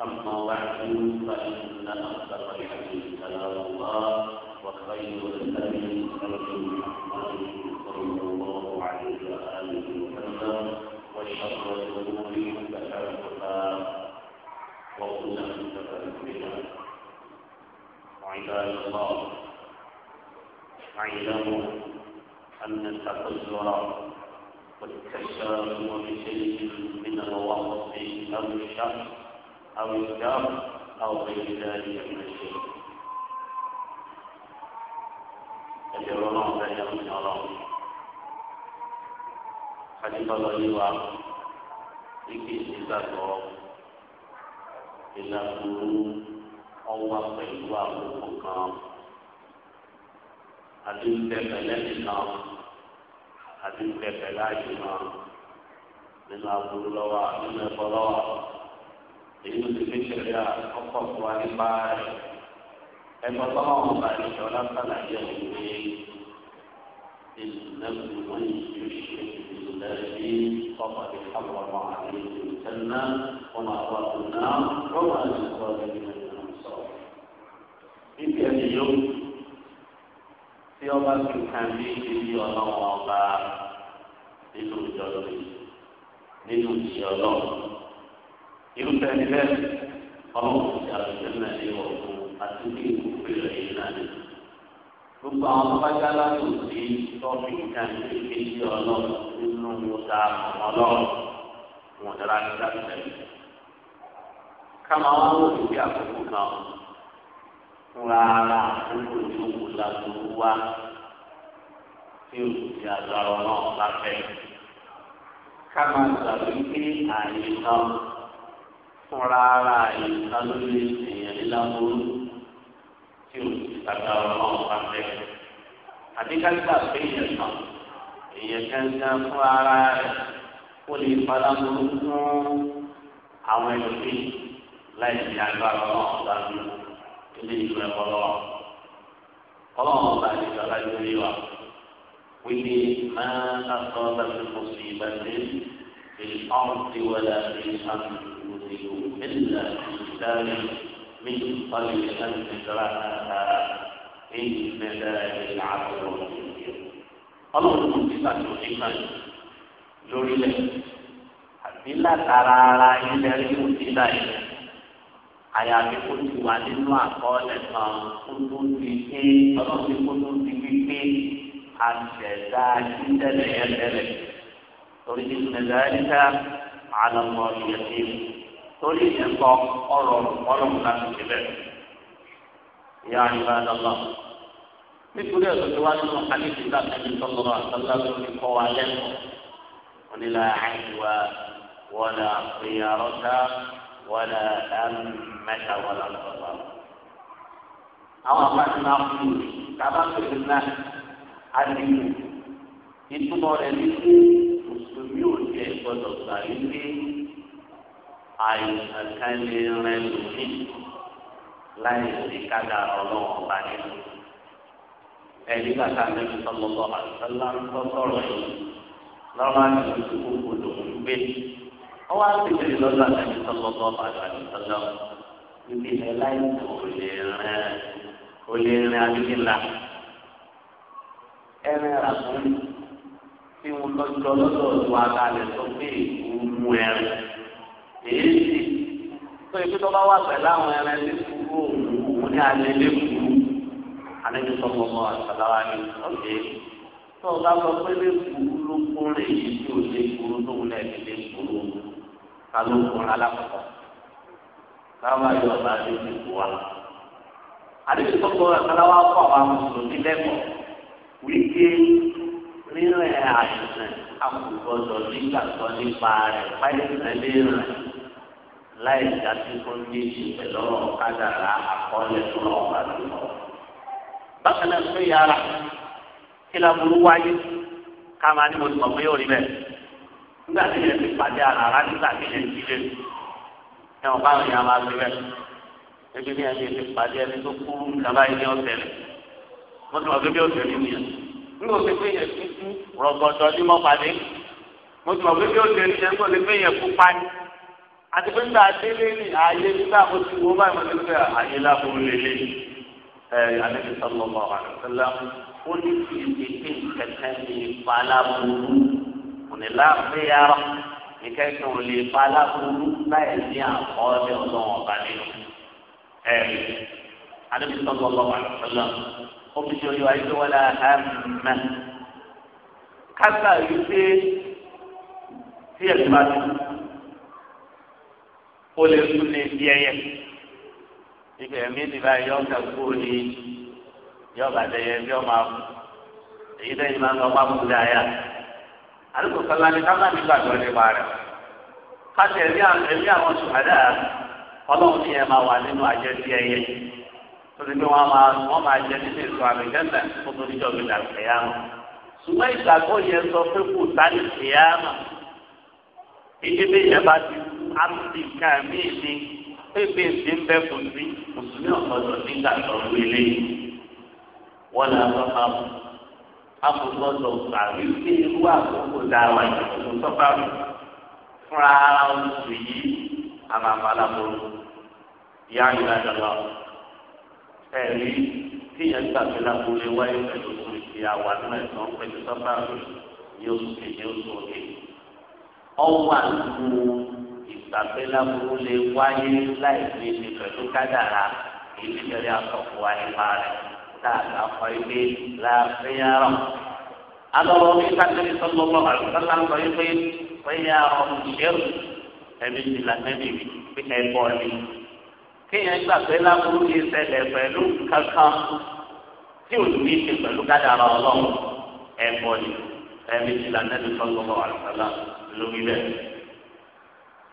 اما بعد فان اصدق الحديث كلام الله وخير الهدي هدي محمد صلى الله عليه واله وسلم وشر الامور محدثاتها وكل محدثه بدعه وعباد الله اعلموا ان التقصر والتشاؤم بشيء من الوصف أو الشر أو الدم أو غير ذلك من الشيء أجرنا على يوم الله حديث الله وعلا لكي استفاده إلا قلوب ọwọ́ pẹ̀lú àkókò kan àti ìtẹ̀kẹ̀lẹ́ àti ìfẹsẹ̀ láàyè náà nínú aburú lọ́wọ́ nínú ẹ̀kọ́ lọ́wọ́ èyí ló ti fi ṣẹlẹ̀ ọkọ̀ tó wá nípa rẹ̀ ẹgbẹ́ tó wọn bá ní sọ lásàlà yẹ wọ́n pé ìnáwó wọn yóò ṣe ìlẹ̀ sí ọkọ̀ tí káwọn àti ìtẹ́nà ọmọ àwọn àtúná wọ́n wà ní ìkọ́ ẹgbẹ́ náà sọ. Bíbí ẹni yóò tí ọba tó kàn ní ibi ọlọ́wọ́ ọba nínú ìjọba nínú ìjọba irúfẹ́ nílẹ̀ ọlọ́wọ́ ti àlùfẹ́lẹ̀ ní ọ̀gbọ́n àti ní ìkókò rẹ̀ ìlànà gbogbo àwọn ọbajà látò sí tọ́pì kàn ní ibi ọlọ́wọ́ nínú mọ́ta ọlọ́wọ́ wọn dára ní dáadáa kama wọn wò ní bí àkókò kan rárá àkókò tó wù lágbóró wá tí o ti àgbàrọ náà bá fẹ́. ká máa gbàgbé pé àyè náà fún rárá àyè náà ló lè ṣèyàn lágbóró tí o ti àgbàrọ náà bá fẹ́. àdékàgbà pé èèyàn èèyàn gángan fún rárá rẹ̀ ó lè padà mú fún àwọn ẹlòmíì láì ní àgbàrọ náà lágbóró. ilé ìlú ẹ̀kọ́ lọ́wọ́ ọlọ́run ọba àdìgbà bá yọ orí wa wípé máa sàtọ́ láti kó sí ibà dé èyí ọ̀hún ti wọlé àti ìsàmì òdìgbò ẹ̀dínlá ìdárí من قبل أن تدركها إن ذلك العبد الله صفة الحكمة lórílẹ̀ àti látara ara ilẹ̀ rí òsínlá yìí àyàfi kó ti wà nínú àkọọ́lẹ̀ kan kó tó ti pé ọlọ́run kó tó ti fi pé àṣẹ̀dá títẹ̀lẹ̀ yẹn tẹ̀lẹ̀ torí ti tún ẹ̀dá ẹ̀dá àlọ́mọ ìyẹ̀dí torí ìyẹn kọ ọ̀rọ̀ ọlọ́run láti ṣe bẹ́ẹ̀. ìyá àyùbá lọ́lọ́ nítorí ẹ̀sọ́ tí wá nínú àdéhùn ìgbà tẹ̀lé sọ́kọ̀rọ̀ àtàlá lórí kọ́ wa lẹ́kọ̀ọ́ onílà àyùbá wọlé àpèyàrọ́ta wala ẹ̀mẹ́ta wala ọ̀sọ̀tọ̀. àwọn àpáti náà kú kaba pèsè náà adigun ìtumọ̀ rẹ̀ ní pé mùsùlùmí ò jẹ́ gbọ́dọ̀ gbà wípé àìsàn kan lè rẹ̀ lòdì láì sí kága ọlọ́wọ́ bá nínú. ẹ̀rí bàtà mẹ́rin sọ́lọ́lọ́ àti sọ́lá ń tọ́ sọ̀rọ̀ yìí lọ́wọ́ àti ìdókòwò lòún gbé ọwọ́ àti ìwé lọ́dọ̀ àti sọ́lọ́gbọ́ àti sọ́lọ́ ibi ilẹ̀ láì tó lè rẹ̀ ó lè rìn abíkínlá ẹ̀rẹ̀ àkúrú tí mo lọ́jọ́ lọ́dọ̀ tó akalẹ̀ tó pé ìwú ẹ̀rẹ̀ èyí sì tó ibi tó bá wà pẹ̀lú àwọn ẹ̀rẹ̀ ní kúrò òun ní alẹ́ lé kúrú alẹ́ ní sọ́lọ́gbọ́ àti sọ́lọ́wá ní ọ̀gbẹ́ tó o bá sọ pé lé kúrú ló kún rè yìí tí o lé kúrú tó wúlẹ̀ ní lé kúrú kálukú alákọ̀ọ́ káwá yọ ọba àdéhùn di wa. àdéhùn tó kọ́ ẹ̀káláwá kọ́ àwọn mùsùlùmí lẹ́kọ̀ọ́ wíkẹ́ rírẹ̀ àìsàn àkùgbọ́dọ̀ nígbàgbọ́ nípa rẹ̀ páìsàn lè rìn láì dásí fún méjì pẹ̀lú ọ̀kadàrà àkọọ́lẹ̀ tó lọ́ ọ̀gá tó lọ. bákan náà fún yàrá kí láburú wáyé ká máa ní mo ti pé yóò rí bẹ́ẹ̀ nígbà tí yẹn ti pàdé àràrá nígbà tí yẹn ti lé ẹwọn báwọn yẹn máa fi rẹ ebi ní ẹni ti pàdé ẹni tó kú kaba yìí ní ọ̀sẹ̀ rẹ wọn ti wọn fi bí ọ̀sẹ̀ rẹ nìyẹn nígbà tí pé yẹn ti kú rọgọdọ ní mọ pàdé mo ti wọn fi bí ọ̀sẹ̀ rẹ nìyẹn nígbà tí pé yẹn kú pani àti pé nígbà délé ní ààyè nígbà mo ti wọ báyìí mo ti fẹ ààyè láàbùrù lélẹ ẹ àdébísọ̀ lọ́mọ òní láàbíyàrá ìkẹ́kẹ́ ò lè pa aláburú láì ní àkọọ́lẹ̀ ọlọ́wọ́n ọba nínú. ẹ̀rí adébí sọ́kọ̀ ọlọ́wọ́ àlùfẹ́lá omi tí oyè wáyé wọ́n lé ẹ̀mẹ́. kásá yìí pé tí ẹ̀sìn bá ti ó lè tún ní ibi ẹyẹ. ibẹ̀ mi ti bá yọ ọ̀kẹ́ kú ni yọ̀ọ̀bà dẹ̀yẹ bí ọ̀ máa èyí dẹ́yìn máa ń lọ pápá kúlẹ̀ àyà àdúgbò sọlá ni káfá mi gbàgbọ́ nípa rẹ̀ káṣí ẹ̀mí àwọn ṣùgbọ́dà ọlọ́run ni ẹ máa wà nínú àjẹ sí ẹyẹ tóbi pé wọ́n máa wọ́n máa jẹ nínú èso àmìjẹ́sẹ̀ tó tó níjọ́ mi dà kẹ́yàmù ṣùgbọ́n ìgbàgbọ́ yẹn sọ pé kò sáré kẹ́yàmù ìdílé yẹn bá ti àti kàmí ni pépè ti ń bẹ́ kò sí mùsùlùmí ọ̀pọ̀lọpọ̀ nígbà tó ń wọlé wọn làwọn máa akókò sọ kàwé pé irú àkókò dáwà ìdòkòtò sọ́fà mi fúnra oṣù yìí àmàmàlàmòrò ìyá ìlà dọ̀lọ́ ẹ̀rí kíyàn gbàgbé lábúlé wáyé pẹ̀lú oṣù ìyàwó àdúrà ìtàn pẹ̀lú sọ́fà mi ní oṣù kejì oṣù òkè ọwọ́ àdúgbò ìgbàgbé lábúlé wáyé láì ní ìpẹ̀lú kádàrà ìdíjẹ́rẹ́ àtọ̀kù wáyé máa rẹ̀. الخيل لا خيار هذا رضي النبي صلى الله عليه وسلم فيقول خيار الشر ẹbí ti la nẹbi bí ẹbọ ni kéèyàn gbà pé láburú yìí ṣẹlẹ̀ pẹ̀lú kankan tí ò ní ṣe pẹ̀lú kádàrá Ọlọ́run ẹbọ ni ẹbí ti la nẹbi sallallahu alaihi wasallam lórí bẹ́ẹ̀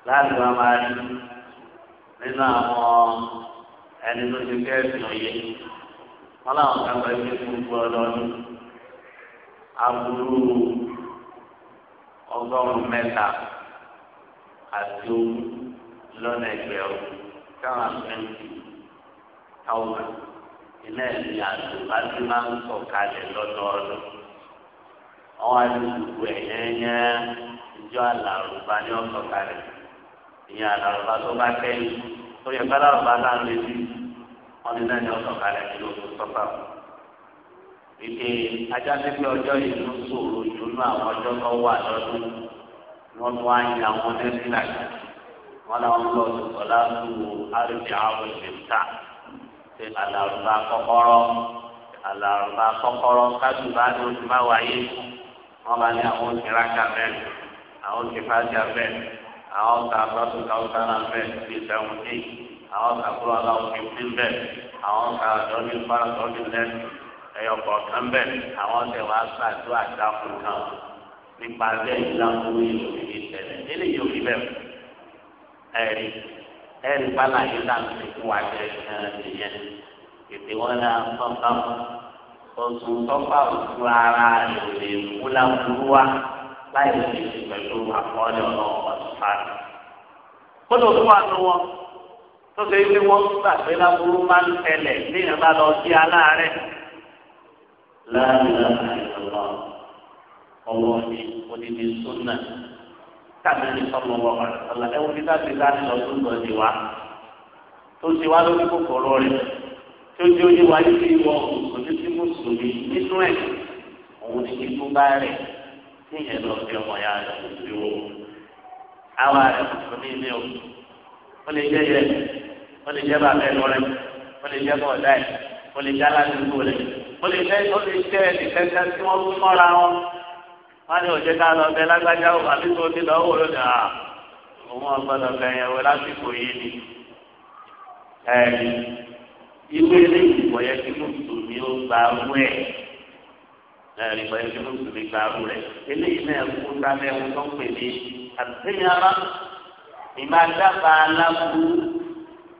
láti wá máa rí nínú àwọn ẹni tó ti fẹ́ fi hàn yé. wọn làwọn kan lọ ilé gbogbo ọlọ́ọ̀ni aburú ọgọ́rùn-ún mẹ́ta àti ohun lọ́nà ẹgbẹ̀rún káwọn twenty thousand iná ẹ̀mí àti bàtí máa ń sọ̀kalẹ̀ lọ́dọọdún àwọn àdúgbò ẹ̀yẹ́yẹ́ ìjọ àlàrúbá ni wọ́n sọ̀kalẹ̀ ìyẹn tó bá kẹ́yìn tó yẹ náà wọn ní lẹ́yìn ọ̀sán kalẹ̀ nínú oṣù sọ́fà wípé ajá pípé ọjọ́ yìí ló sòrò ìdùnnú àwọn ọjọ́ tó wà lọ́dún wọn tún wá yin àwọn nẹ́sílà wọn làwọn lọ sọ̀lá lu àrùbí àwọn ìgbésà ṣe àlàrúbá kọ́kọ́rọ́ àlàrúbá kọ́kọ́rọ́ kájú bá ní oṣù máa wáyé wọn bá ní àwọn oṣù rákà bẹ́ẹ̀ àwọn oṣù fájà bẹ́ẹ̀ àwọn ọ̀tà àbúrásùkà ọ̀tà náà bẹ́ẹ̀ bíi sẹ́wọ̀ntì àwọn ọ̀tà kúrò aláwọ̀ fífín bẹ́ẹ̀ àwọn ọ̀tà àjọyìn fara tọ́jú lẹ́nu ẹ̀yọ̀ kọ̀ọ̀kan bẹ́ẹ̀ àwọn ọ̀tẹ̀ wá sàdó àdàkù kan nípa bẹ́ẹ̀ ìlànà yìí òfin ìṣẹ̀lẹ̀ nílẹ̀ yóò fi bẹ́ẹ̀ ẹ̀rí ẹ̀rí pálá yìí láti fún wa jẹ́ ẹ̀yẹn ètè wọn náà tọ́ka oṣù tọ́ka òṣù ara láì lè ṣe pẹ̀lú àkọọ́lẹ̀ ọlọ́run ọ̀sùnfà. kó ló tún wà ní wọn tó ṣe wí wọn gbà pé láburú máa ń tẹlẹ̀ ní ìyàbá lọ sí aláàárẹ̀. láàrin àìsàn ọwọ́ ni odidi súnà káàdì ní sọ́mọ wọn ọ̀la ẹ̀wọ̀n ní láti láti lọ tó ń lọ sí wa tó ṣe wá lórí kòkòrò rẹ̀ tó ṣe ó yé wa yìí wọ òṣèlú sí mùsùlùmí nínú ẹ̀ òun ni ikú bá rẹ̀. tíyẹn lọ ọmọ ya rẹ̀ awa o àwa rẹ̀ mùsùlùmí o ó na jẹ́ yẹ ó lè jẹ́ bàbá ẹ̀ lọ́rẹ́ ó lè jẹ́ bọ̀dá ẹ̀ ó lè jẹ́ aládùúgbò rẹ̀ ó lè jẹ́ ó lè tí ndị fún wọn wọ́n ní o ma tó ti lọ wò lónìí ẹ̀rí pẹ̀lú tí mùsùlùmí gba arú rẹ̀ eléyìí náà kú sábẹ́ ohun tó ń pè ní àtẹ̀yàmá ìmàdàbà aláburú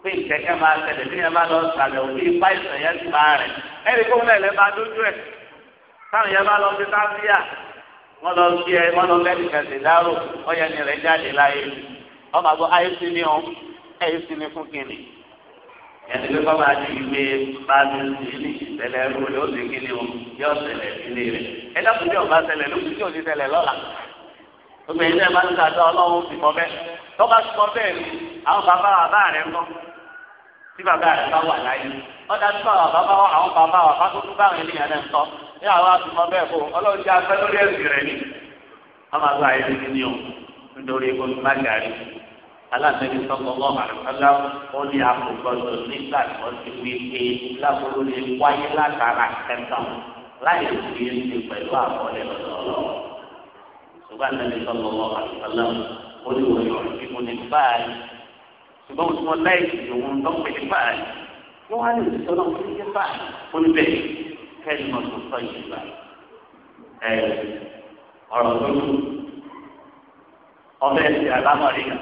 pé ìkẹ́kẹ́ máa tẹ̀lé tí yẹn bá lọ sàlẹ̀ òbí ipá ìsàn yẹn ti máa rẹ̀ ẹ̀rí kó lẹ̀ lẹ́ máa dójú ẹ̀ táwọn yẹn bá lọ sí tábíà wọ́n lọ sí ẹ wọ́n lọ bẹ́ẹ̀ kẹsì dárò ọ̀yẹ́ni rẹ̀ jáde láyé ọmọ àgọ́ àyè sí ni ọ ẹ̀yẹ sí ni fún kìnnì ẹni pé bá máa di ìwé bá ti sì ní ìṣẹ̀lẹ̀ ẹrú rẹ ó o yọ ṣẹlẹ̀ sílé rẹ ẹ dákun ọba ṣẹlẹ̀ ló kún tí ò ti lọla. lọ́la gbogbo máa ń ṣàtọ Ọlọ́run sọ ni àwọn bàbá rẹ ń tí bàbá rẹ bá wà láyé tí bàbá wà àwọn bàbá bá bá ní àwọn ti lórí aláàbẹ̀bí sọ́kọ̀ọ́ àlùfáàlà ó ní àkùgbọ́dọ̀ nígbà tó ti wí pé lábúrú lè wáyé látara kẹta láì fi ṣe pẹ̀lú àkọọ́lẹ̀ lọ́dọọlọ́. ṣùgbọ́n àtẹ̀bí sọ́kọ̀ọ́ àlùfáàlà ó ní wọ́n yọ̀ ọ́ ìbò ní báyìí ṣùgbọ́n mo ti wọn láì fi òun tó pè ní báyìí wọ́n wá lè sọ náà fún yíyá báyìí ó ní bẹ́ẹ̀ kẹ́ni mo tó sọ yìí báyìí. ọ̀rọ̀ tó lù ọbẹ̀ ti àlámọ̀rí náà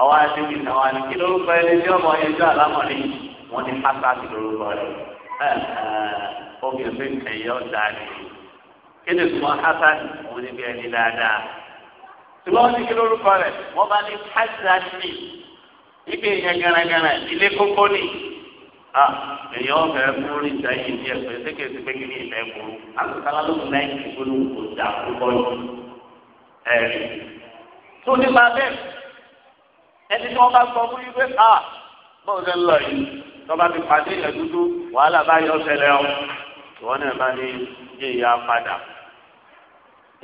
àwọn aṣèwì àwọn àníkí lórúkọ ẹni tí ọmọ yẹn jọ àlámọ̀rí wọn ní pátákì lórúkọ rẹ obìnrin ẹ̀yọ́ dání kí ni sùnmọ́ hasan òun níbi ẹni dáadáa ṣùgbọ́n wọn ní kí lórúkọ rẹ wọ́n bá ní hasani ibi ìyẹn gẹ́rẹ́gẹ́rẹ́ ilé kókó ni èyàn ọ̀fẹ́ fún ìjà yìí díẹ̀ pé sékèsí pé kí ni ilẹ̀ kú àtúntàlá ló ń láì kí gbólóhùn kò dà púpọ̀ yìí. tó nípa bẹ́ẹ̀ ẹni tí wọ́n bá sọ fún yín pé a bọ́ọ̀ ṣe ń lọ yìí tọ́ba ti pàdé ilẹ̀ dúdú wàhálà bá yọ ṣẹlẹ̀ ọ ìwọ náà bá ní yé ìyá padà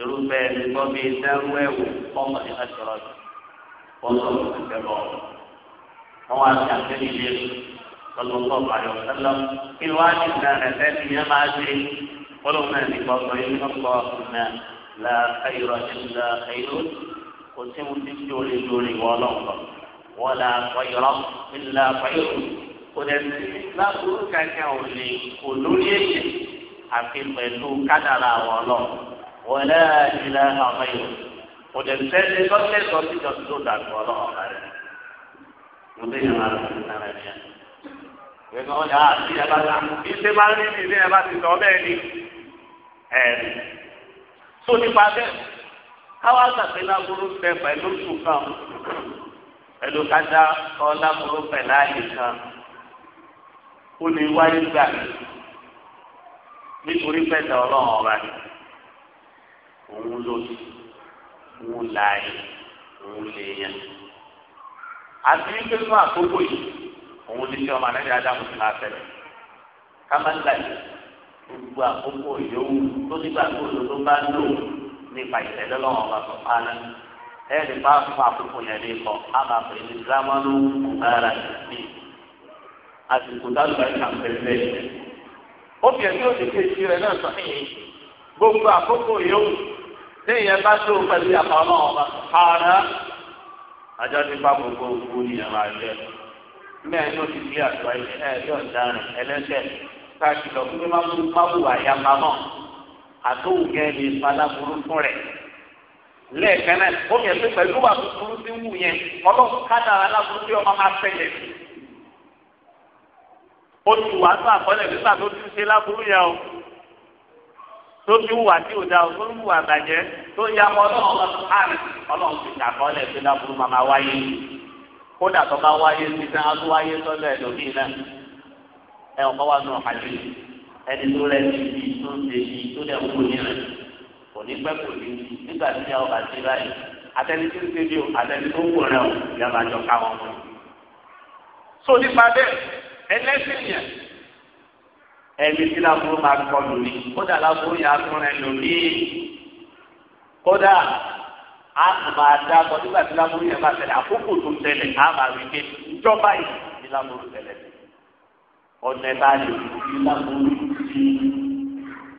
irúfẹ́ ẹni bí dẹ́rú ẹ̀wò ọmọ ní ẹ̀ṣọ́rọ̀ bọ́sọ̀ ìṣẹ̀lẹ̀ ọ wọ́n wá sí àtẹ́lẹ̀ ilé lọ́lọ́tọ́ bàyọ̀ sẹ́lẹ̀ kí wọ́n á ní ìdáná ẹ̀fẹ́ ti yẹn máa ṣe fọlọ́n náà ní gbọ́dọ̀ yìí lọ́kọ̀ náà la ayọ̀rọ̀ ẹ̀ṣin la ayọ̀ kò sí mo ti fi orí lórí ìwọ ọlọ́run lọ wọlá fọyọrọ ńlá fọyọrọ òdẹ̀sí lábúrú kankan ò lè kò lórí èyí àfi pẹ̀lú kádàrà àwọn lọ wọlé ìlà àfọyọ òdẹ̀sí ẹni lọ́sẹ̀ lọ́sẹ̀ lọ́sẹ̀ tó dàgbọ́ ọlọ́wọ́ rẹ̀ mo bẹ̀ yàrá rẹ̀ ní ara rẹ̀ yẹn ìgbẹ́ ọjà àti ẹ̀bá ta ìṣe máa ń rí ní ilé ẹ̀bá ti sọ bẹ́ẹ̀ ni ẹ̀rí. tó nípa bẹ́ẹ̀ káwá sàpé láburú bẹ pẹ̀lú sùn kan pẹ̀lú kájá ọlá burú pẹ̀lú àyè kan ó lè wáyé gbà nítorí pẹ̀lú ọlọ́run ọba òun ló òun láàyè òun lè yàn àti wípé fún àkókò yìí òun lè ṣe ọmọ anájà ádámù sí máa fẹ́lẹ̀ ká má gbogbo àkókò yòówù tó nígbà tó lò tó bá lò nípa ìtẹ̀lọ́lọ́run ọba sọ̀pá náà ẹni bá fún àkókò yẹn ní kọ àbá pè ní zamanu ara ní àsìkò dálùbà ìkàmpẹ̀lẹ̀. ó fi ẹ̀sìn òdìkè sí rẹ̀ náà sọ èyí gbogbo àkókò yòówù ní ìyẹn bá tó pẹ̀lú àpá náà ọba ara ajá ti bá gbogbo òkú nìyẹn máa jẹ mẹ́ẹ̀ ní òsì bí àtúwá ilẹ̀ ẹ̀ yọ̀ ẹlẹ́sẹ̀ káàkiri ọ̀gbìn máa wù àyàpá náà àtòwù kẹ́ẹ̀ padà burúkú rẹ̀ lẹ́ẹ̀kan náà ó yẹ pé pẹ̀lú wà tuntun tí ń wù yẹn ọlọ́run kájà aláburú tí ọmọ máa ṣẹlẹ̀ sí. ó ti wà tó àkọọ́lẹ̀ nígbà tó ti ṣe láburú yẹn o tó ti wà tí ò da o tó ń wù àgbàjẹ́ tó ya mọ́ ọlọ́run àrùn ọlọ́run ti ṣàkọọ́lẹ̀ pé láburú máa máa wáyé kódà tó bá wáyé sí sẹ́n wáyé sọ́dọ̀ ẹ̀ náà ẹ̀ ọ̀kọ́ wa nù ọ̀hàjì ẹni tó rẹ̀ ti di tó ń ṣe tó dẹ̀ wúwo nílẹ̀ kò ní pẹ́ kò ní nígbà tí ìyá ọba ti báyìí atẹni tí ń ṣe bí o atẹni tó wù rẹ o ìyá máa jọ káwọn mọ. so nípa bẹ́ẹ̀ ẹlẹ́sìn yẹn ẹni tí láburú máa kọ lórí kódà láburú yẹn atúnrẹ lórí kódà a kò máa dá bọ nígbà tí láburú yẹn bá tẹ̀lé àkókò tó tẹ̀lé a máa rí pé ìjọba yìí ni láburú tẹ̀lé ọ̀nà ẹ̀ bá lè fi láburú sí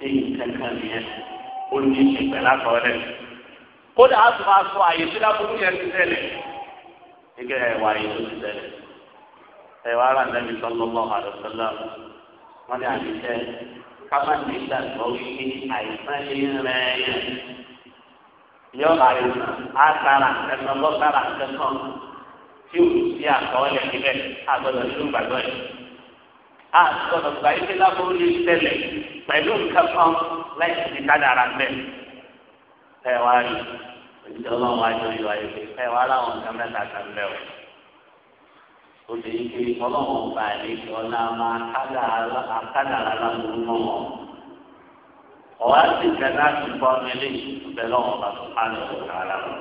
èyí kankan yẹn ó ní ṣe pẹ̀lú àtọ̀rẹ́ kódà á tún máa sọ àyè sí lábúrú yẹn ti tẹ́lẹ̀ gẹ́gẹ́ ẹ̀wà àyè tó ti tẹ́lẹ̀ ẹ̀wà ara nàbì sọ́lọ́mọ́ àdọ́sọ́lá wọn ní àdìsẹ́ kábà ní ìgbàgbọ́ wípé àìsàn ní rẹ̀ yẹn yọ àìsàn àtàrà ẹ̀sán lọ́tàrà ẹ̀sán tí o ti àkọọ́lẹ̀ níbẹ̀ àgbọ̀dọ̀ nínú gbàgbọ́ yẹn àgbọ̀dọ̀ gbà láì sí kádàrà bẹ́ẹ̀ ẹ wá rí òjijì ọlọ́run wá jọ ìwà yìí ẹ wá láwọn nǹkan mẹ́ta kan bẹ́ẹ̀ o òjò yìí kiri ọlọ́run ọba àlejò ọ̀la máa kádàrà lábúrú mọ́ wọn ọ̀wá sì fẹ́ láti gbọ́ ọmọ eléyìí bẹ́ẹ̀ lọ́wọ́ bá tó pa ní ọ̀gá ara wọn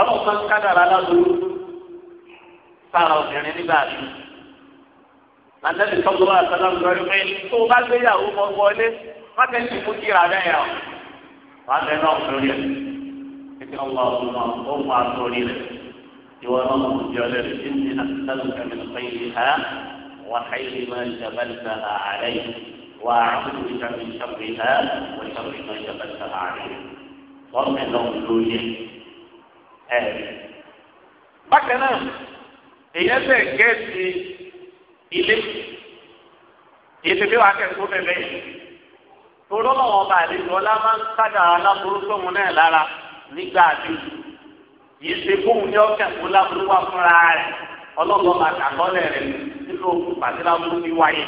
ọlọ́run máa kádàrà lábúrú sára obìnrin nígbà tí lànà ìtọ́jú wa ń gbọ́ ẹgbẹ́ tó bá gbéyàwó mọ́ wọlé wọ́n tẹ̀ sí mú kíra bẹ́ẹ̀ yẹn o wọ́n tẹ̀ náà sórí ẹ̀ títí ọmọ ọdún náà ó mú asórí rẹ̀ ìwọ náà mú jọ lẹ́rù tí ní àtàlùkà mi fẹ́yì ha wà xẹ́yì máa ń jàbálìkà àárẹ̀ wà àbúrò ìjàmbá ìjàmbá ha wà ìjàmbá ìjàmbá ìjàmbá àárẹ̀ wọ́n tẹ̀ náà lórí ẹ̀ bákan náà èyí ẹsẹ̀ gẹ̀ẹ́sì ilé ètò ìwà akẹ́kọ̀ọ́ torọ́ lọ́wọ́ ọba àlejò ọlá máa ń kájà aláburú sóhun náà lára nígbà tí yìí ṣe fóun ní ọ̀kẹ́ fún láburú wá fúnra rẹ̀ ọlọ́gbọ́n máa kàkọ́lẹ̀ rẹ̀ nínú ogun pàṣẹ láburú ní wáyé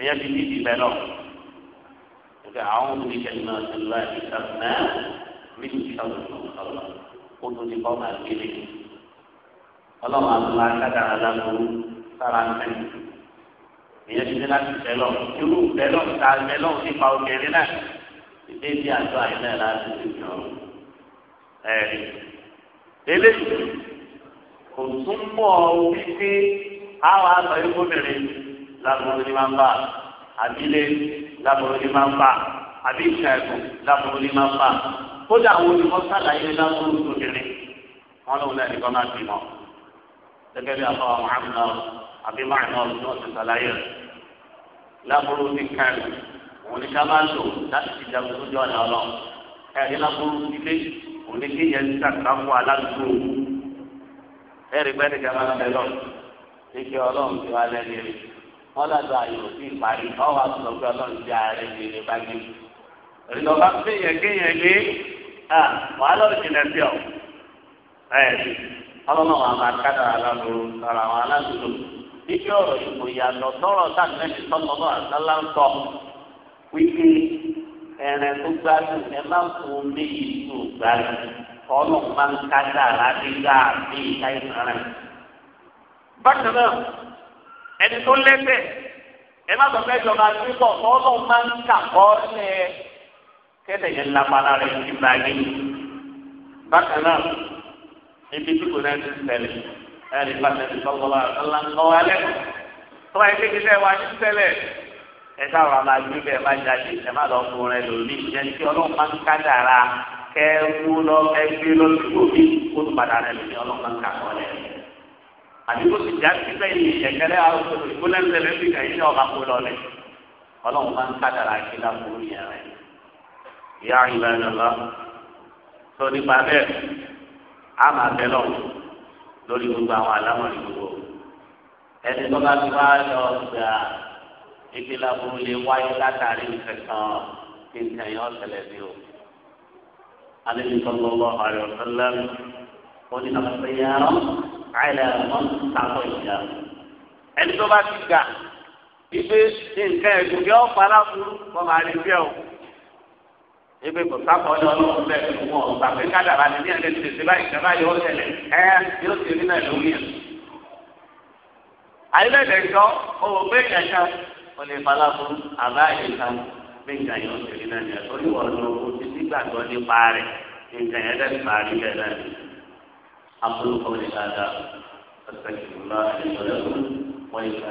ìyẹn ti ní ìbẹ̀ náà. Ìgbà àwọn oníṣẹ́ náà ti lọ ìṣẹ́ náà ní ìṣẹ́ náà kó tó ti bọ́ máa kéde. Ọlọ́run àti máa kájà aláburú sára ń tẹ̀lé ìyẹn ti ní láti bẹlọ irú bẹlọ ta bẹlọ nípa obìnrin náà ìdí ìdí àjọ àyìnlá ẹ̀ láti ti jọ ẹ̀rí. eléyìí kò tún mọ̀ wípé àwọn àgbà yóò gómìnrin lábúrò ní máa ń bà àbílẹ̀ lábúrò ní máa ń bà àbí ìṣàkùn lábúrò ní máa ń bà kódà àwọn olùkọ́ sàlàyé lábúrò gómìnrin wọn lòun náà nìkan máa bímọ gẹ́gẹ́ bí àbáwọ̀ mọ́ àbí máa ní ọdún náà ti sàlàyé rẹ̀ lábúrú ní kẹrin òun ní ká máa lò láti fi jagun sójú ọ̀nà ọlọ́run ẹ̀rí lábúrú nílé òun ní kí yẹn sàkà fún aládùúgbò ẹ̀rí pẹ́ẹ́nì kẹrin máa bẹ lọ́rùn ike ọlọ́run ti wá lẹ́nu rẹ̀ wọ́n lọ́dọ̀ àyò sí ìparí ọwọ́ àtúntò pé ọlọ́run ti ààrẹ ní ilé bá gbé ìlọba kéèyàn kéèyàn lé wàhálà òjìnà sí ọ níbi ọ̀rọ̀ ìbò ìyàtọ̀ tọrọ sàtẹ́lẹ̀ tọ́lọ́lọ́ àtàlà ń sọ wípé ẹ̀rẹ̀ tó gbádùn ẹ má fún omi yìí tó gbádùn ọ̀nà máa ń kájà ládìgbà bí ìta ìsàrẹ̀. bákan náà ẹni tó lẹ́sẹ̀ ẹ má sọ fẹ́ jọba sípò ọ̀nà máa ń kàkọ́ lẹ̀ kẹ́tẹ̀ yẹn lápára rẹ̀ ti bàgẹ́. bákan náà ibi tí kò náà ti ṣẹlẹ̀ ẹni pàṣẹ ti sọ́kọ́ wa ńlá ńlọ́wọ́ alẹ́ tó bá yẹ kékeré wa ní ṣẹlẹ̀ ẹ sáwọn ọmọ agbé bẹ́ẹ̀ má jáde ẹ má lọ fún rẹ lórí ìyẹn tí ọlọ́run máa ń ká dára kẹ́ ẹ wú lọ ẹ gbé lọ sí òbí kó tó padà rẹ lórí ọlọ́run máa ń ká kọ́ lẹ̀. àbí kó sì já sí sẹ́yìn ẹ̀kẹ́rẹ́ àwọn ìgbónáńtẹ̀lẹ́ fi ń ká dára kí lórí gbogbo àwọn àlámọ̀rí gbogbo ẹni tó bá ti wá lọ gbà ìpìlẹ̀ burú lè wáyé látàrí nǹkan kí nǹkan yẹn ọ̀sẹ̀lẹ̀ bí o. alẹ́bí sọ́kọ́ lọ ọ̀rẹ́ ọ̀sẹ̀lẹ̀ ó ní àfẹ́yàrá àìlẹ̀ wọn takọ̀ ìjà. ẹni tó bá ti gbà ibi nǹkan ẹ̀dùn yóò fara fún kọ́ máa rí bí ẹ̀ ebi kò sábà ọdún ọlọ́run bẹ́ẹ̀ ló wọ̀ ọ̀sàfé kádàrà ni ní ẹ̀ lè tètè báyìí kẹ́ báyìí ó tẹ̀lẹ̀ ẹ̀ yóò ti rí náà lórí ẹ̀. àyẹ̀lẹ̀dẹ̀ sọ owó pé kẹta ó lè fara fún àbá ìka pé nǹkan yóò ti rí náà ní ẹ̀sọ́ ní wọ́n lọ kó ti nígbàgbọ́ nípa rẹ̀ nǹkan yẹn dẹ̀ fà á rí bẹ́ẹ̀ náà ní. akólókò ní dáadáa ọ̀sẹ̀ kìlúmọ́ àti ìṣọ̀lẹ́kùn wọ́n yóò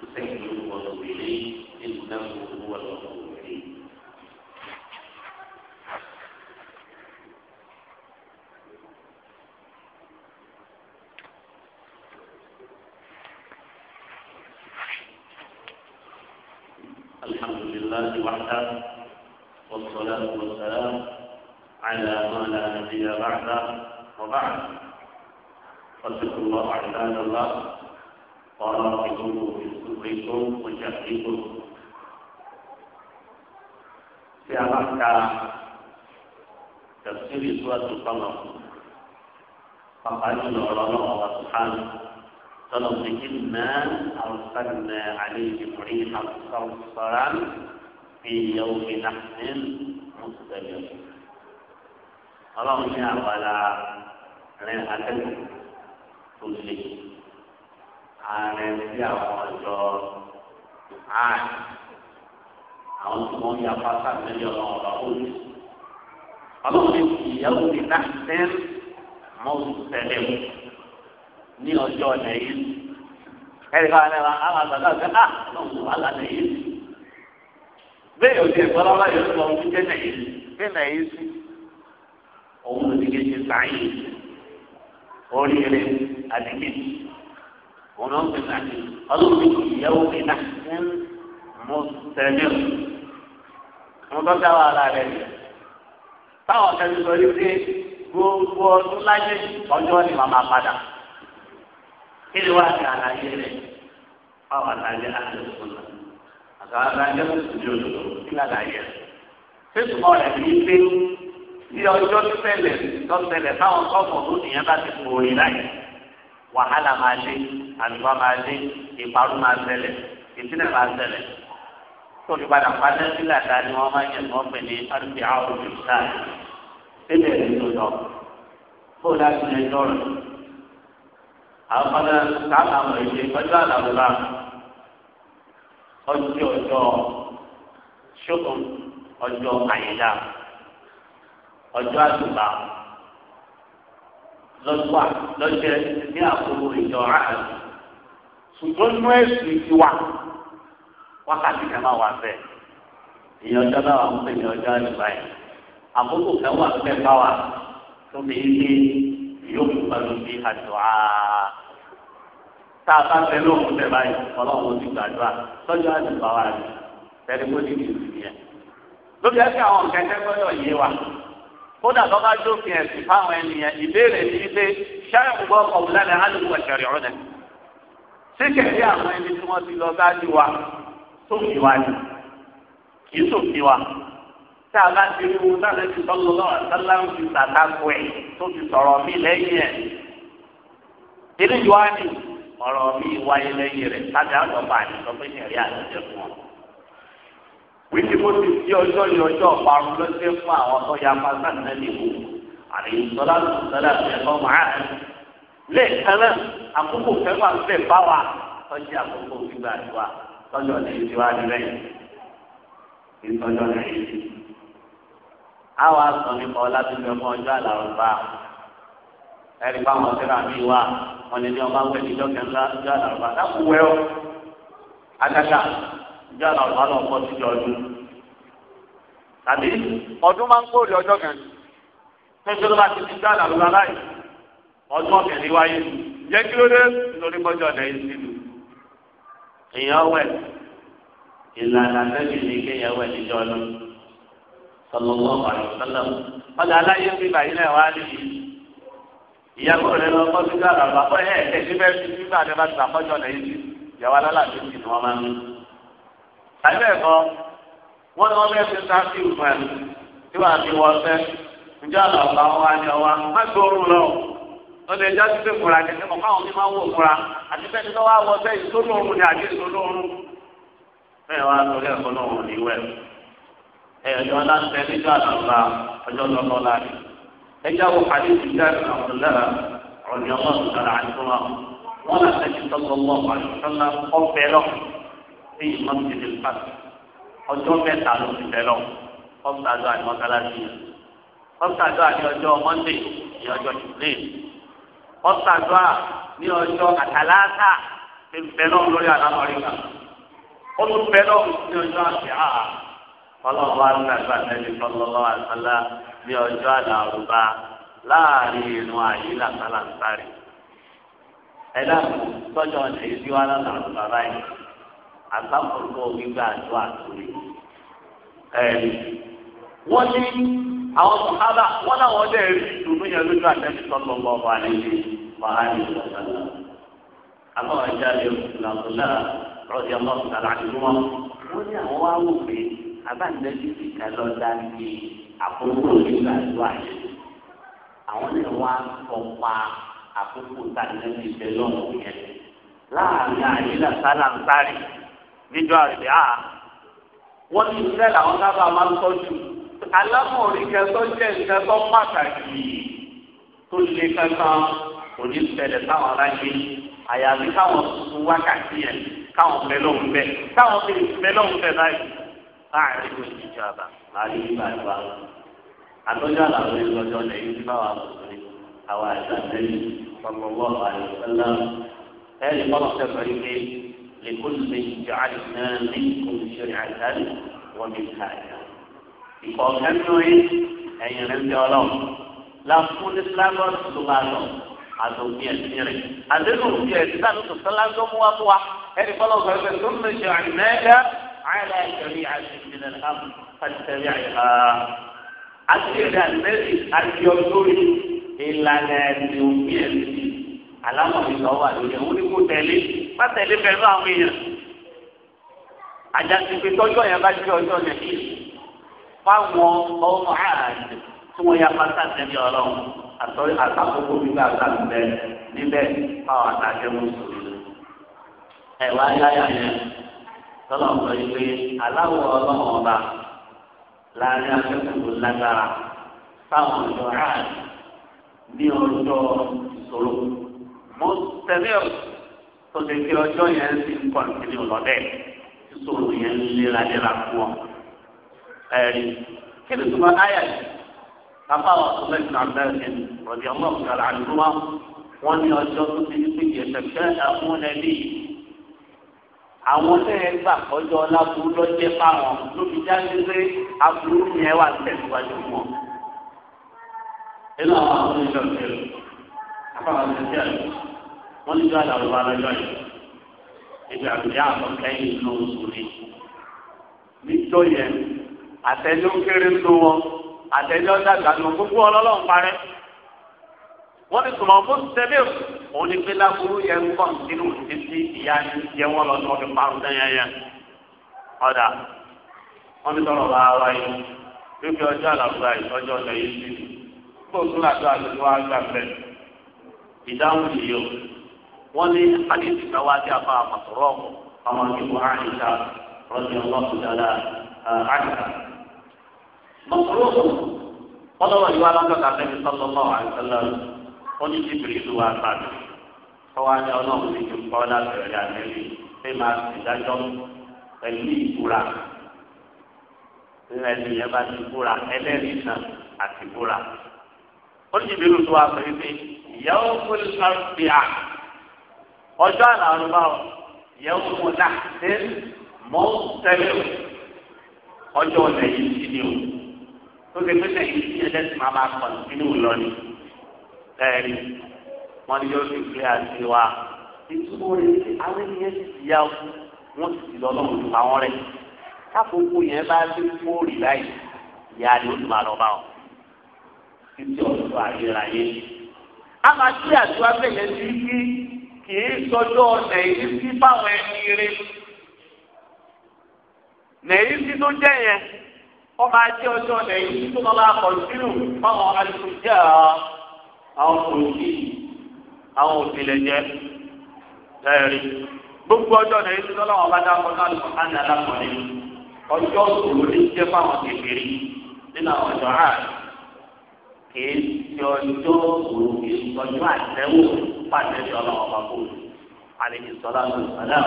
تسيره وتوب إليه إنه هو الغفور الرحيم الحمد لله وحده والصلاة والسلام على ما لا نبي بعده وبعد فاتقوا الله عباد الله قال رحمه الله mọ̀lẹ́kọ́ mọ̀jàdínlẹ́kọ́. Tí a bá ka tẹ̀síìlì tó a tó kọ́nà pàpà jùlọ ọ̀rọ̀ náà wà sùpánù tọ́lọ̀ méjì náà àwùsàn náà àlẹ́ ìdìbòrí àwùsàn fi yẹ̀wò mi náà ní mùsùlùmí. Ọlọ́run ní àbàlà rẹ̀ atẹ́gùn tó le ààrẹ sí àwọn ọjọ́ ààrẹ àwọn tí wọ́n ya pátá lẹ́yìn ọ̀nà ọ̀rọ̀ òní. ọlọ́run ní ìyàwó ní dáhùn mọ́tò tẹ̀lé mu ní ọjọ́ ọ̀nà yìí. ẹ̀rí ká lẹ́wọ̀ àwọn àgbàdo àgbẹ̀ á lọ́wọ́ wà lánà yìí. bẹ́ẹ̀ òde ìfọ́lá wà yóò lọ sí jẹ́ nàyí sí nàyí sí. òun ló ti gé ṣe sáyé oríire àdìgbì. ونوم العدل قلوب يوم نحن مستمر مضاد على ذلك táwọn kẹsì sọ yìí pé gbogbo ọdún láyé ọjọ́ ni màmá padà kí ni wàá kà àlàyé rẹ̀ báwa àlàyé àlùfùnà àtàwọn àlàyé òsì òdòdó kí ni àlàyé rẹ̀ fésùmọ́ rẹ̀ ní pé ní ọjọ́ tó tẹ̀lẹ̀ tó tẹ̀lẹ̀ táwọn kọ́ọ̀mù tó nìyẹn bá ti kú òye láyé wàhálà máa dé àlùbá máa dé ìparun máa tẹlẹ ìtìlẹ̀ máa tẹlẹ tóbi padà padà sílẹ̀ àdá ni wọ́n máa ń yẹ kí wọ́n pè ní àdúgbò àwọn olùsá sílẹ̀ nínú lọ kó láti yẹ lọ́rọ̀ àwọn padà sábà mọ̀ èdè ọjọ́ àlàbùbá ọjọ́ ọjọ́ ṣókùn ọjọ́ àyíká ọjọ́ àdùbà lọ́gbà lọ́jẹ́ ní àkókò ìjọ àhàlù ṣùgbọ́n nú ẹ̀sùn ti wà wákàtí kan máa wà bẹ́ẹ̀ ìyẹn ọjọ́ náà wà fún ìyẹn ọjọ́ àdìbà yẹn àkókò kan wà bẹ́ẹ̀ bá wà tó fi ń gbé ìyókù pẹ̀lú bí àdùá tá a bá fẹ́ lóhùn bẹ́ẹ̀ báyìí ọlọ́run ti gbàdúrà lọ́jọ́ àdìbà wà ní tẹ́lẹ̀ kó dìbò ìsìn yẹn lórí ẹsẹ̀ àwọn kẹ̀kẹ́ gbọ́dọ̀ yé wa kódà tó bá jókòó ẹ̀sìn fáwọn ẹnìyẹn ìbéèrè ní ilé ṣáà síkẹ̀lé àwọn ẹni tí wọ́n ti lọ sáájú wa sófin wa ni kì í sófin wa tá a bá ti rí wo tá a lè fi sọ́lọ́ lọ́wọ́ sálá ń fi sàtàkù ẹ̀ tó fi sọ̀rọ̀ mí lẹ́yìn ẹ̀. ilé ìwà ni ọ̀rọ̀ mi wáyé lẹ́yìn rẹ̀ láti àtọ̀pá àtìsọ pé ní fún ọ. wíkí mo ti fi ọjọ́ ní ọjọ́ ọ̀parun lọ́sẹ̀ fún àwọn ọ̀tọ́ ya pásánù náà nìkú àrèyìn lẹ́ẹ̀kan náà àkókò kẹfà ń bẹ̀ bá wa tọ́jú àkókò gbígbà tiwa tọ́jú ọ̀nà yìí tiwa nílẹ̀ yìí tọ́jú ọ̀nà yìí. àwa sọ nípa ọlábíbí ọmọ ọjọ́ àlàrúbá ẹ̀rí báwọn ọ̀sẹ̀rà mi wá wọn ni ní ọba ń wẹ̀lí lọ́kẹ́ ńlá ọjọ́ àlàrúbá lápò wẹ́ ọ́ adága ọjọ́ àlàrúbá náà pọ̀ sí ọdún tàbí ọdún máa ń kórè ọjọ́ kan tó ń tó bá ti ti ọjọ́ àlàrúbá báyìí. ọdún kẹrin wáyé jẹ́ kí ló dé lórí mọ́jọ́ ọ̀dà yìí sílu. èèyàn wẹ̀ ìlànà lẹ́yìn ní kéèyàn wẹ̀ níjọ́ lọ sọlọ́wọ́ àlùfẹ́lẹ́ ọ̀dà aláyé ń bí bàyí náà wá nìyí. ìyàgò rẹ̀ lọ kọ́ síbi àlàbà ẹ̀ bẹ́ẹ̀ fi yìí ti wọ́n máa ń àyè bẹ́ẹ̀ kọ́ wọ́n ní wọ́n fẹ́ẹ́ fi sáfì tí wàá fi wọ́n fẹ́ wọn wá ní lọ́dọ̀ ẹjọ́ ti fẹ́ múra ní ẹ̀mọ́ káwọn mi máa ń wò múra àti fẹ́ni tó wá wọ sẹ́yìn tó lóorun ni àti tó lóorun. bẹ́ẹ̀ wá lórí ẹ̀kọ́ náà wò ní wẹ̀. ẹ ọjọ́ aláṣẹ níjọ́ àtàlà ọjọ́ lọ́lọ́ láàrin. ẹjọ́ wo pàdé ti jẹ́ àtàlà ọ̀nì ọlọ́run tàrà àtúnwá. wọ́n lọ sẹ́yìn tọ́gbọ́ mọ́ àtúnṣọ́lá ọ̀fẹ́ lọ sí ìmọ̀tìdì pàtó. ọjọ́ mẹ́ta ló ti tẹ̀ lọ. ọ̀sàdọ̀ àti ọjọ́ ọ̀sàdúà ní ọjọ́ àtàlátà ti bẹ̀ lọ́wọ́ lórí àlámọ̀ríkà ó tún bẹ̀ lọ́wọ́ ní ọjọ́ àṣìá ọlọ́wọ́ àgbàgbà nẹ́bí sọlọ́lọ́ àṣàlá ní ọjọ́ àlàrúbá láàrin inú àyè làtàlàntàrí ẹ̀dá tọ́jọ́ ọ̀sẹ̀ yìí wá làlàrúbá báyìí àtàkùn tó gbígbà àdúrà tó rí ẹ̀rí wọ́n ní àwọn sọ̀hábà wọ́n náà wọ́n dẹ̀ rí ìdùnnú yẹn lójú àtẹ́sí sọ́tọ̀ lọ́wọ́ àlejò wàhálì ìsọ̀tàlá. àbáwọ̀ ẹja lè làbùlá rọ̀dì ọlọ́sàlá àdúgbò wọ́n ní àwọn wá wò pé àbáǹdẹ́bí ti ká lọ dá ní àkókò nígbà tó àyè. àwọn lè wá tọpa àkókò tàbí bẹ lọ́wọ́ yẹn láàrin àyè làtàlà ń sáré níjọ́ àrèlè à alámọ̀rí kẹtọ́ jẹ́ kẹtọ́ pàtàkì tó lé kankan kò ní ṣẹlẹ̀ táwọn aráyé àyàfi káwọn tuntun wákàtí yẹn káwọn mẹlọ́hún bẹ́ẹ̀ káwọn fi mẹlọ́hún bẹ́ẹ̀ báyìí láàrin kò ní ìjọ àbá láàrin ìgbà ìgbà àtọ́jú àlàyé lọ́jọ́ lẹ́yìn tí báwa kò ní àwọn àìsàn lẹ́yìn pọ̀pọ̀wọ́ àìsànlá ẹ̀rí àìsàn ní kò ní ṣe àìsàn wọ́n mi ká ẹ̀yà ìkọ̀ọ̀kan nínú yín ẹ̀yìn rẹ̀ ń bẹ ọlọ́run láfún ní sílágọ́sì tó bá lọ àtòkí ẹ̀sìn rẹ̀ àdéhùn òkú ẹ̀sìn náà ló tó wá fún wa ẹni fọlọ́ gbẹgbẹ tó ń lè ṣe على جميع من الأمر فاتبعها أسير النبي الجمهوري إلا نبي alamọ ìlọwà lóye òun ni kò tẹ̀lé má tẹ̀lé pẹ̀lú àwọn èèyàn àjàsìkè tọjọ yẹn bá jẹ ọjọ́ yẹn fáwọn ọmọ ààrẹ tí wọ́n yá pátá tẹ̀lé ọlọ́run àtọ́rí àtàkókò gbígbà àtàkùnbẹ níbẹ̀ fáwọn àtàkẹ́ mùsùlùmí. ẹ̀wá yáyà yẹn tọ́lọ̀ sọ yìí pé aláwọ̀ ọlọ́run ọba láàrin akẹ́kọ̀ọ́ lágbára fáwọn ọjọ́ ààrẹ ní ọjọ́ ìṣòro. mo tẹ̀lé ọ̀ tó ṣe pé ọjọ́ yẹn ti ń kọ̀ọ̀tì ní ọ̀lọ́dẹ̀ ìṣòro yẹn léraléra fún ọ ẹ̀rí kí ni tuma ayà yìí bàbá wa sọlá ìgbà bẹ́ẹ̀ ni rọ̀bì ọmọ òkúta àdúrà wọn ní ọjọ́ tó ti ní pípé ẹ̀sẹ̀kẹ́ ẹ̀fún ẹbí àwọn tẹ́ ẹ gbà kọjọ láburú lọ́jẹ́ fáwọn lóbi jáde pé aburú yẹn wà tẹ̀síwájú wọn. inú àwọn àwọn oníṣẹ́ òṣèlú afáwọn oníṣẹ́ òṣèlú wọn ní jọ́ àdàlù bá lọ́jọ́ yìí ìgbà àgbẹ̀yà àkọ́kẹ́ ló ń sùn àtẹjọ́ kéré ń lo wọn àtẹjọ́ dàgbà ló gbogbo ọlọ́lọ́run parẹ́ wọ́n ti sùnmọ́ fún sẹ́bẹ̀ òun ni pé láburú yẹn ń kọ́ nínú títí ìyá yẹn wọ́n lọ sí ọdún márùn dáyẹyẹ ọ̀dà wọ́n ti sọ̀rọ̀ bá ara yìí lókè ọjọ́ àlàbùrà ìtọ́jú ọ̀dà yìí sí gbòòsùn àti àtúntò wa gbà bẹ́ẹ̀ ìdáhùn yìí o wọ́n ní àdéhùn ìgbàwá tí a fa àmọ̀tòrọ̀ ọmọ ìbò àyíká rọ́ọ̀dì ọlọ́ọ̀tún dáadáa àyíká lọ́sọ̀lọ́sọ̀ ọlọ́wọ́ ìwà lọ́sọ̀tà lẹ́yìn sọ́lọ́lọ́ àìsọ́lọ́ oní jìbìrì ìlú wa pàdé ọwọ́ ajá ọlọ́run ti ju kọ́ lábẹ́rẹ́ àlẹ́lẹ́ pé máa ti dájọ́ pẹ̀lú ìbúra ẹni yẹn bá ti búra ẹlẹ́rìí náà àti búra oní jìbìrì ìlú wa pẹ̀lú pé ìyàwó fúlẹ̀ náà ọjọ́ àlàrú bá ìyàwó fúlẹ̀ náà ṣe mọ́ tẹ́lẹ̀ ọjọ́ ọ̀nà yìí tó ṣe pé sẹ́yìn tí ẹ̀jẹ̀ sì máa bá kọ̀ nínú lọ ni ẹ̀rí wọn ni yóò fi gbé àti wa ìtumọ̀ rẹ̀ àwọn ènìyàn sì ti yá wọn sì ti lọ lọ́wọ́ nípa wọn rẹ̀ káfíńkù yẹn bá ti kórì báyìí ìyá ni ó ti máa lọ bá wọn títí ọ̀dọ́ àyèrayé. a máa ṣí àdúrà bẹ̀yẹ̀ sí kí kì í sọjọ́ nẹ̀yìn sí báwọn ẹni rẹ̀ nẹ̀yìn sí tó jẹ́ ọba ajé ọjọ́ lẹ́yìn tó lọ́la kọ̀ọ̀tínù fáwọn alùpùpù àwọn òbí àwọn òbílẹ̀jẹ́ lẹ́ẹ̀rí gbogbo ọjọ́ lẹ́yìn tó lọ́la wọn bá dáko náà lọ á ní alákọ̀ọ́lẹ́ ọjọ́ òru ní jẹ́ fáwọn kékeré nínú àwọn ọjọ́ rà kìí ṣe ọjọ́ òru kìí ṣe ọjọ́ àtẹ́wò pàṣẹ ìṣọ́lá ọba kò àlejò sọ́lá lọ́sọ̀lá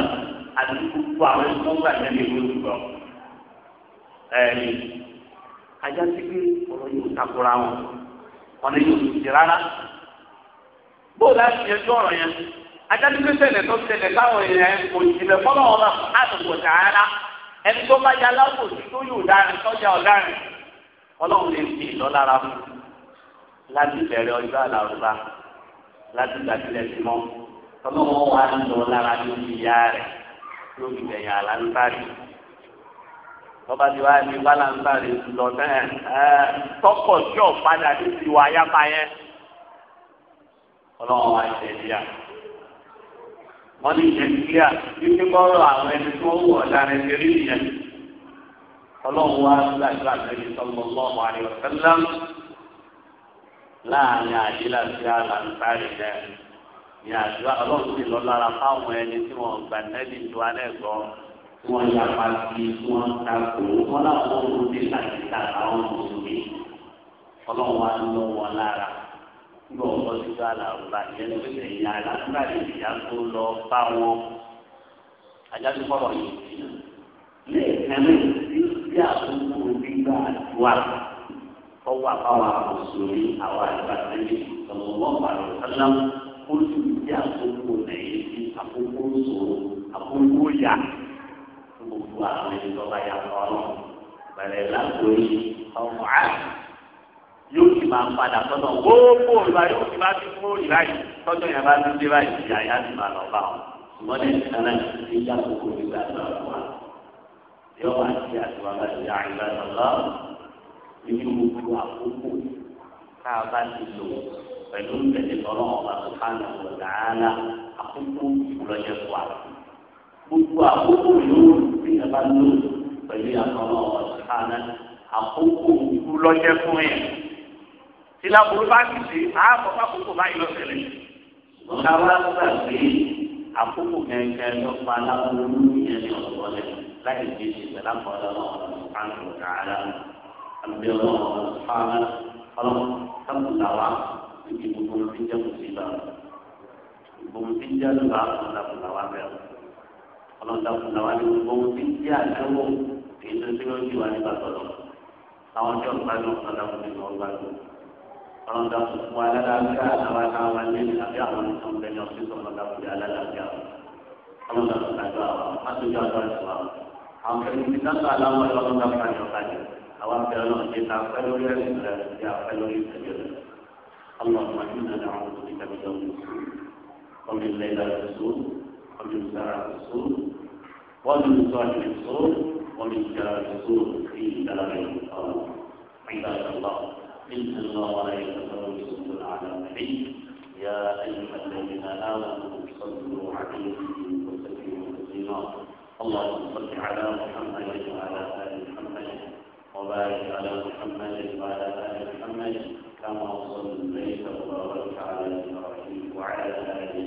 àti gbogbo àwọn ẹgbẹ́ ẹ̀rí ajá sí pé ọ̀rọ̀ yóò takora wọn ọ̀nà yóò sì rárá. bóò láti ọ̀rọ̀ yẹn ajá sí pé ṣẹlẹ̀ tó káwọn kò fọ́nà tààrà ẹni tó bá kò sí tó yóò dárin ọlọ́run lè fi fún láti bẹ̀rẹ̀ ọjọ́ àlàrúbá láti sí mọ́ tọ́lọ́wọ́ ń lọ lára ìyá rẹ̀ tọ́ba ti wá ní bálánsá rẹ̀ lọ sẹ́yìn ẹ̀ tọkọ̀ tí ò padà ní ti wà yápa yẹn. ọlọ́run wa ṣe bí a. wọ́n ní ṣe bí a títí kọ́rọ̀ àwọn ẹni tó wù ọ̀dà rẹ̀ ṣe rí nìyẹn. ọlọ́run wa gbàgbà lẹ́yìn sọ́mọ lọ́wọ́ àríwá sẹ́lá láàrin àdílà sí àlàǹtà rẹ̀ jẹ́ ní àdúrà ọlọ́run sì lọ lára fáwọn ẹni tí wọ́n gbà nẹ́bí tó alẹ́ gbọ́ wọn ya pàṣẹ wọn ta kò wọn làwọn ọmọ nígbà títà àwọn mùsùlùmí ọlọ́run wa lọ wọn lára nígbà ọkọ títà làwùrà yẹn ló fẹsẹ̀ yà á nígbà tí ìyá tó lọ bá wọn ajáde fọlọ yìí lè kẹ́mi tí tí àkókò gbígbà àdúrà ọwọ́ àbáwá mùsùlùmí àwọn àgbàdo yìí lọ́wọ́ wọn pàrọ̀ sálá ó sì ti àkókò nàìjíríà àkókò sòrò àkókò yà gbogbo àwọn ẹni tó bá yà lọ lọ bẹ̀rẹ̀ lágbóyè ọmọ á yóò ti máa ń padà sọ́nà gbogbo ìgbà yóò ti máa ti kú ìgbà yìí tọ́jú yẹn bá ti dé báyìí ìyá yá ti máa lọ bá wọn. ṣùgbọ́n ní ìtàn náà ti yá gbogbo ìgbà náà wà. yóò wá sí àtiwá láti yá ìgbà náà lọ nínú gbogbo àkókò tá a bá ti lò pẹ̀lú ìtẹ̀lé tọ́lọ́wọ́n bá tó ká lọ́wọ́ àkókò ìlọ́jẹ́ fún àkókò gbogbo àkókò yòówù tí yẹn bá lò pẹ̀lú àkọlọ́ ọ̀sán àkókò ikú lọ́jẹ́ fún yẹn. tìlà burú bá ti ṣe àákọ́ fákòókò báyìí lọ́sẹ̀lẹ̀. ọ̀gá wa gbà pé àkókò kẹ̀kẹ́ ló pa aláwọ̀ yẹn ní ọ̀pọ̀ lẹ̀ láì fi ṣe pẹ̀lú àkọlọ́ ọ̀sán ọ̀gáàlá. àbí ọlọ́run ọ̀sán ọlọ́run tábùlà wa níbi gbogbo ti jẹ́ kùsì lọ gbogbo ti jẹ́ lọ́wọ́ ọlọ́dàkùn làwọn ní gbogbo ohun tí ń jẹ́ àdánwò èyí tó ti lójú wa nígbà tọ̀dọ̀ àwọn tí ọ̀gbá ní ọlọ́dàkùn nínú ọgbà tó ọlọ́dàkùn fún alálàáfíà àwọn akáwọn ní àbí àwọn ní sọ̀rọ̀ lẹ́yìn ọ̀sìn tó ọlọ́dàkùn yà alálàáfíà ọlọ́dàkùn kájọ àwọn àtúntò àtọ́ ìṣòwò àwọn kẹ́kẹ́ ti dáńtà aláwọ̀ ọlọ́dàkùn àjọ kájọ àwọn abẹ́rẹ́ náà ti ta pẹ́ lórí ẹ̀sìn rẹ̀ ti apẹ́ lórí ìtẹ̀jọ́ rẹ̀ اللهم إنا نعوذ ومن ساعة الصوم ومن صاحب الصوم ومن شاء الصوم في دار القرآن عباد الله إن الله لا يتفرد بصوت على النبي يا أيها الذين آمنوا صلوا عليه وسلموا تسليما اللهم صل على محمد وعلى آل محمد وبارك على محمد وعلى آل محمد كما صليت وباركت على إبراهيم وعلى آل